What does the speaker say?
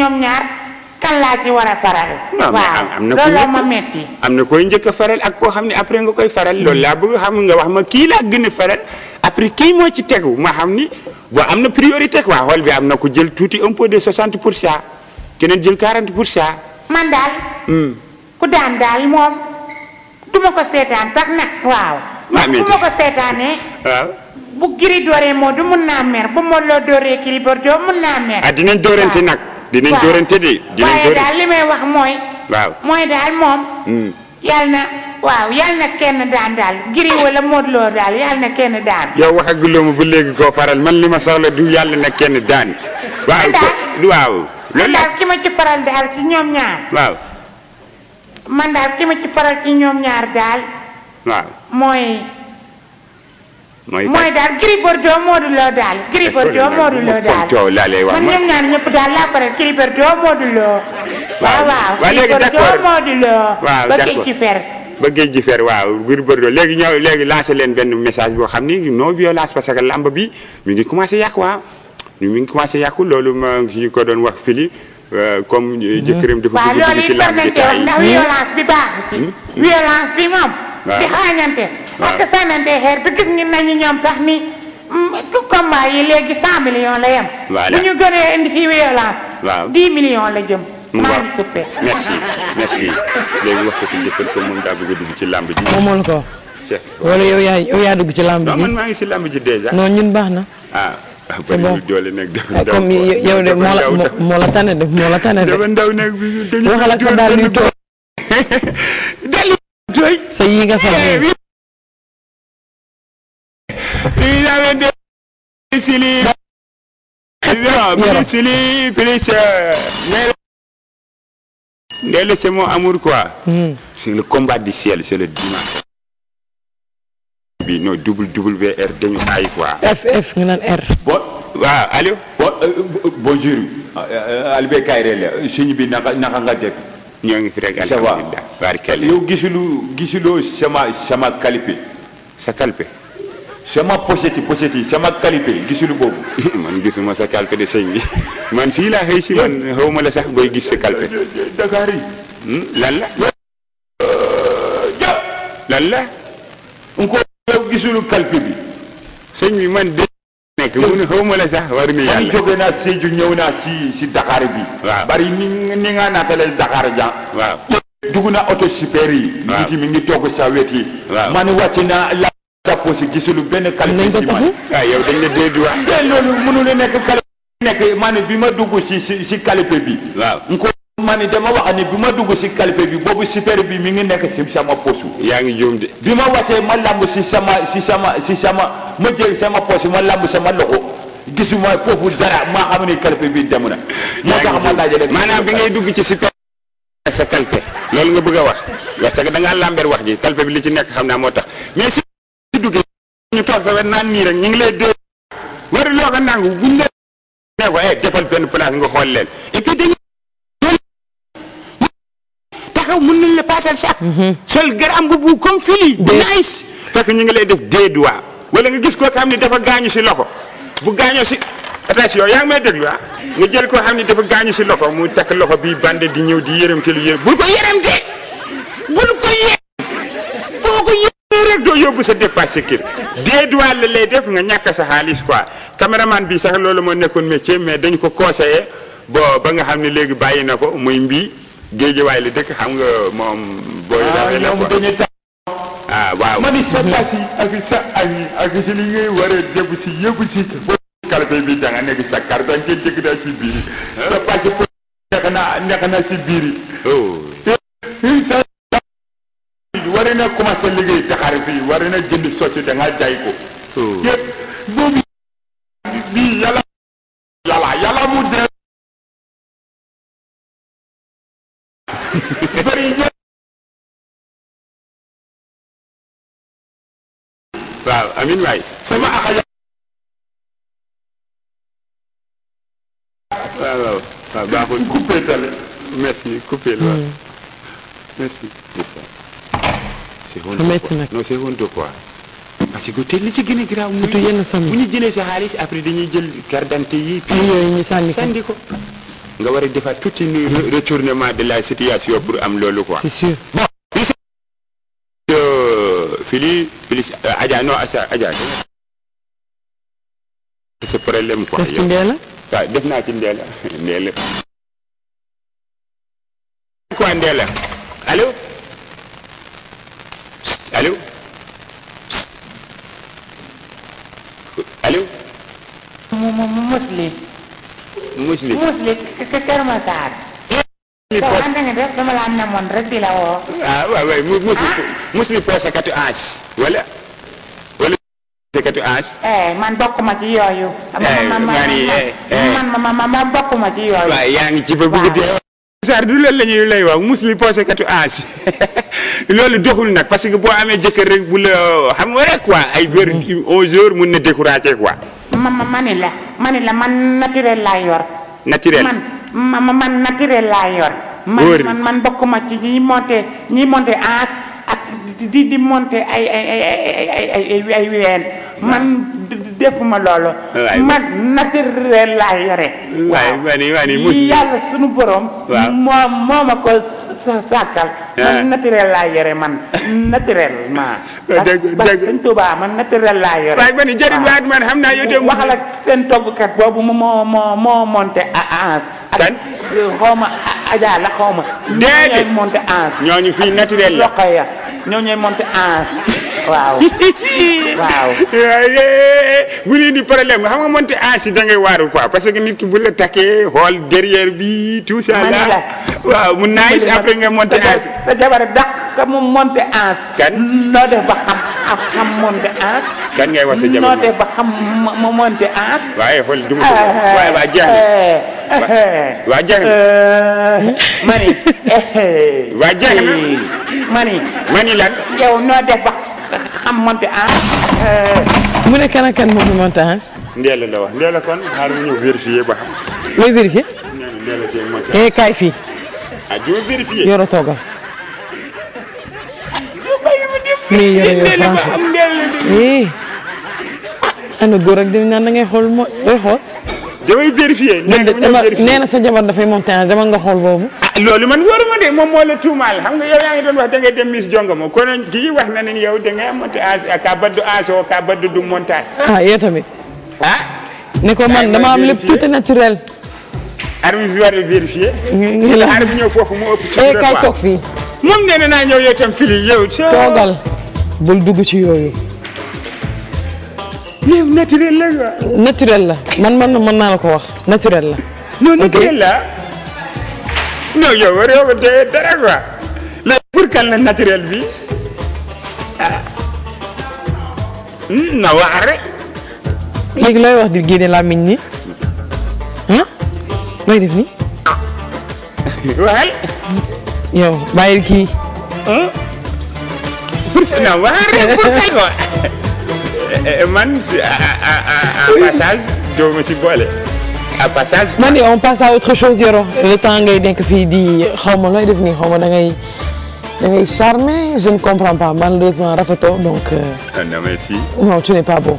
ñoom ñaar kan laa ci war a faral. waaw loolu ma metti am na koy njëkk a faral ak koo xam ne après nga koy faral mm. loolu laa bëgg xam nga wax ma kii laa gën a faral après kii moo ci tegu ma xam ni boo am na priorité quoi xool bi am na ko jël tuuti un peu de 60 pour cent keneen jël 40 pour cent. man daal. Mm. ku daan daal moom du ko seetaan sax nag. waaw man du ma ko seetaanee. Ah. bu giri dooree moo du mun naa mer bu Modou dooree Gris Bordeaux mun naa mer. ah dinañ dóorante di dinañ waaye daal li may wax mooy. waaw mooy daal moom. Mm. yal na waaw yal na kenn daan daal giri wala modloo daal yal na kenn daan. yow waxaguloo ma ba léegi koo faral man li ma soxla du yal na kenn daan. waaw ko waaw. loolu daal ki ma ci faral daal ci ñoom ñaar. waaw. man daal ki ma ci faral ci ñoom ñaar daal. waaw mooy. mooy daal Gris Bordeaux Modou Lo daal. Gris Bordeaux Modou Lo daal man ñoom ñaar ñëpp daal laa pare Gris Bordeaux Modou Lo. waaw waaw léegi d' accord waaw d' accord ba géej gi fer waaw Gris Bordeaux léegi ñoo léegi lancé leen benn message boo xam ni noo violence parce que làmb bi mu ngi commencé yàqu waaw ah. mi ngi commencé yàqu loolu ma ngi ko doon wax fili euh, comme mm-hmm. jëkkëram dafa dugg ci làmb bi. waaw loolu it war nañ cee wax ndax mm-hmm. bi baax. Mm-hmm. violence bi moom. parce que sànnante xeer bi gis ngi nañu ñoom sax ni mm, combat yi léegi cent millions la yem bu ñu gënee indi fii violence waaw dix la jëm maa ngi coupé merci merci léegi wax ko si jëkkër ko moom daa bëgg a dugg ci làmb ji moom moolu ko wala yow yaa yow yaa dugg ci làmb ji man maa ngi si làmb ji ñun baax na ah, ah c'est ah, comme yow de moo la moo la tane de moo la tane de waxal ak sa daal yuy tooy sa yi nga sol eh, avait Sili Sili plus Ndele c'est mon amour quoi c'est le combat du ciel c'est le dimanche bi no WWR dañu ay quoi FF nga naan R bon waaw allo euh, euh, bonjour euh, Albé Kayré la suñu bi naka naka nga def ñoo ngi fi rek alhamdulilah barkeel yow gisuloo gisuloo sama sama kalpe sa kalpe sama pochette yi pochette yi sama qualité gisulu boobu. man gisuma sa calpe de sëñ bi man fii la xëy si man xaw ma la sax booy gis sa calpe. Dakar yi. Hmm? lan la. Euh, ja. lan la. encore yow gisul calpe bi. sëñ bi man de. nekk mu ne xaw ma la sax war na yàlla. ñëw naa si si Dakar bi. waaw bari ni ni nga naatalee Dakar ja. waaw dugg na oto super yi. waaw nit mi ngi togg sa wet yi. waaw man wàcc naa la. cappo si gisulu benn qualité ci man waaw ah, yow dañ dee di wax loolu mënul nekk qualité nekk maa bi ma dugg si si si qualité bi waaw ma ni dama wax ni bi ma dugg si calpe bi boobu si super bi mi ngi nekk ci sama poche. yaa ngi juum de. bi ma wàccee ma làmb si sama si sama si sama ma jël sama poche ma làmb sama loxo gisuma foofu dara maa xam ne calpe bi dem na. moo tax ma laaj rek. maanaam bi ngay dugg ci si sa calpe loolu nga bëgg a wax parce que da ngaa làmbeer wax ji calpe bi li ci nekk xam naa moo tax ñu toog sa wet naan ñu ngi lay déglu wari loo ko nangu defal eh, benn place nga leen et puis dañuy taxaw mën nañ la paasal sax. Mhm. sol gar am bu comme fili. nice fekk ñu ngi lay def deux doigts wala nga gis koo xam ni dafa gaañu si loxo bu gaañoo si attention yaa ngi may déglu ah nga jël koo xam ni dafa gaañu si loxo muy takk loxo bii bande di ñëw di yërëmte lu yërëm bul ko yërëmte. yóbbu sa dépasse sa kër déedwaale lay def nga ñàkk sa xaalis quoi caméraman bi sax loolu moo nekkoon métier mais dañ ko conseillé bo ba nga xam ne léegi bàyyi na ko muy mbii waay la dëkk xam nga moom. booy ah, daal la quoi ah waaw mani sa tas yi ak sa ay ak si li ngay si yëpp si boo kalpe bi da nga nekk sa kar da ngeen dégg naa si biir ah. sa passe nekk na nekk na si bari na commencé liggéey taxaar fii war na jënd socc da nga jaay ko. Hmm. yëpp boobu bi yàlla yàlla mu dee. waaw amin waay sama ak waaw waaw waaw baaxul coupé tale merci coupé waaw hmm. merci métti nag non c'est honteux quoi parce que te li ci gën a bu ñu jëlee sa xaalis après dañuy jël carte d'identité yi. puis yooyu ñu sànni ko nga war a defaat tuuti nu retournement de la situation pour am loolu ko c'est sûr bon. Euh, fili plus euh, Adja non Adja Adja. problème quoi. def ci ndeela waaw def naa ci ndeela ndeela. quoi ndeela Aliou. mu mu ma musli. musli musli Kër Masar. musli poche soo ànd def dama la namoon rek di la woo. ah waaw waay mu musli. Ah. musli katu aas. wala wala. katu aas. Eh, ci yooyu. Eh, eh, man man man man ci yooyu. waaw yaa ci ba bëgg saar du loolu la ñuy lay wax musli poosekatu ans loolu doxul nag parce que boo amee jëkkër rek bu la xam nga rek quoi ay vers onze heures mun na découragé quoi ma ma ne la ma la man naturel laa yor naturel man ma man naturel laa yor man ci ñi monté ñi ak di di monté ay ween man defuma loolu man naturel laa yore waaw yàlla sunu borom moo moo ma ko sàkkal ah. man naturel laa yore man naturel ma ba sëñ Tuubaa man naturel laa yore waaye bani jëriñ waat man xam naa yow de waxal ak seen toggkat boobu moo moo moo monté ans ak xawma Adja la xawma déedéet ñooy monté ans ñooñu fii naturel la ya ñoo ñooy monté ans waaw waaw. bu leen di problème xam nga monté aasi da ngay waaru quoi parce que nit ki bu la takkee xool bi tout ça là. waaw mu naaj après nga monté aasi. sa jabar dàq sa mu monté aasi. kan noo def ba xam xam monté kan ngay wax jabar noo def ba xam ma waaye xool du ma waaye waa jeex na mani. Eh, eh, eh. waa jeex na. mani. mani lan. yow def ba. xam montage. mu ne kan kenn kan moo fi montage. Ndéla la wax Ndéla kon xaaral ma ñëw vérifier ba xam. looy vérifier. Ndéla tey montage eh kaay fii. ah yoro toogal. mais yoro yow franchement eh. ana góor ak dem naan da ngay xool moo doy xool. damay vérifier. nee na sa jabar dafay monter demal nga xool boobu. ah loolu man wóoruma de moom moo la tuumaal xam nga yow yaa ngi doon kon kii wax na ne yow da ngay monter à ka baddu aso ka baddu du montage. ah yow tamit. ah. ne ko man dama am lépp tout naturel. arme bi war a ñëw foofu mu ëpp. suñu eh, kay toog fii. moom nee na naa ñëw yow itam fili dugg ci yooyu. mais la quoi. man man mën naa la ko wax naturel la. non naturel la non yow war yow dee dara quoi léegi pour la naturel bi ah. na wax rek. léegi looy wax looy def ni waxal. yow bàyyi kii. ah. pour que na wax Eh, eh, man à passage doo ma ci boole. à passage. man yow on passe à autre chose Yoro le temps ngay nekk fii di xaw ma looy def nii xaw ma da ngay da ngay charmer je ne comprends pas malheureusement rafetoo donc. Euh, ah, non merci. non tu n'es pas beau.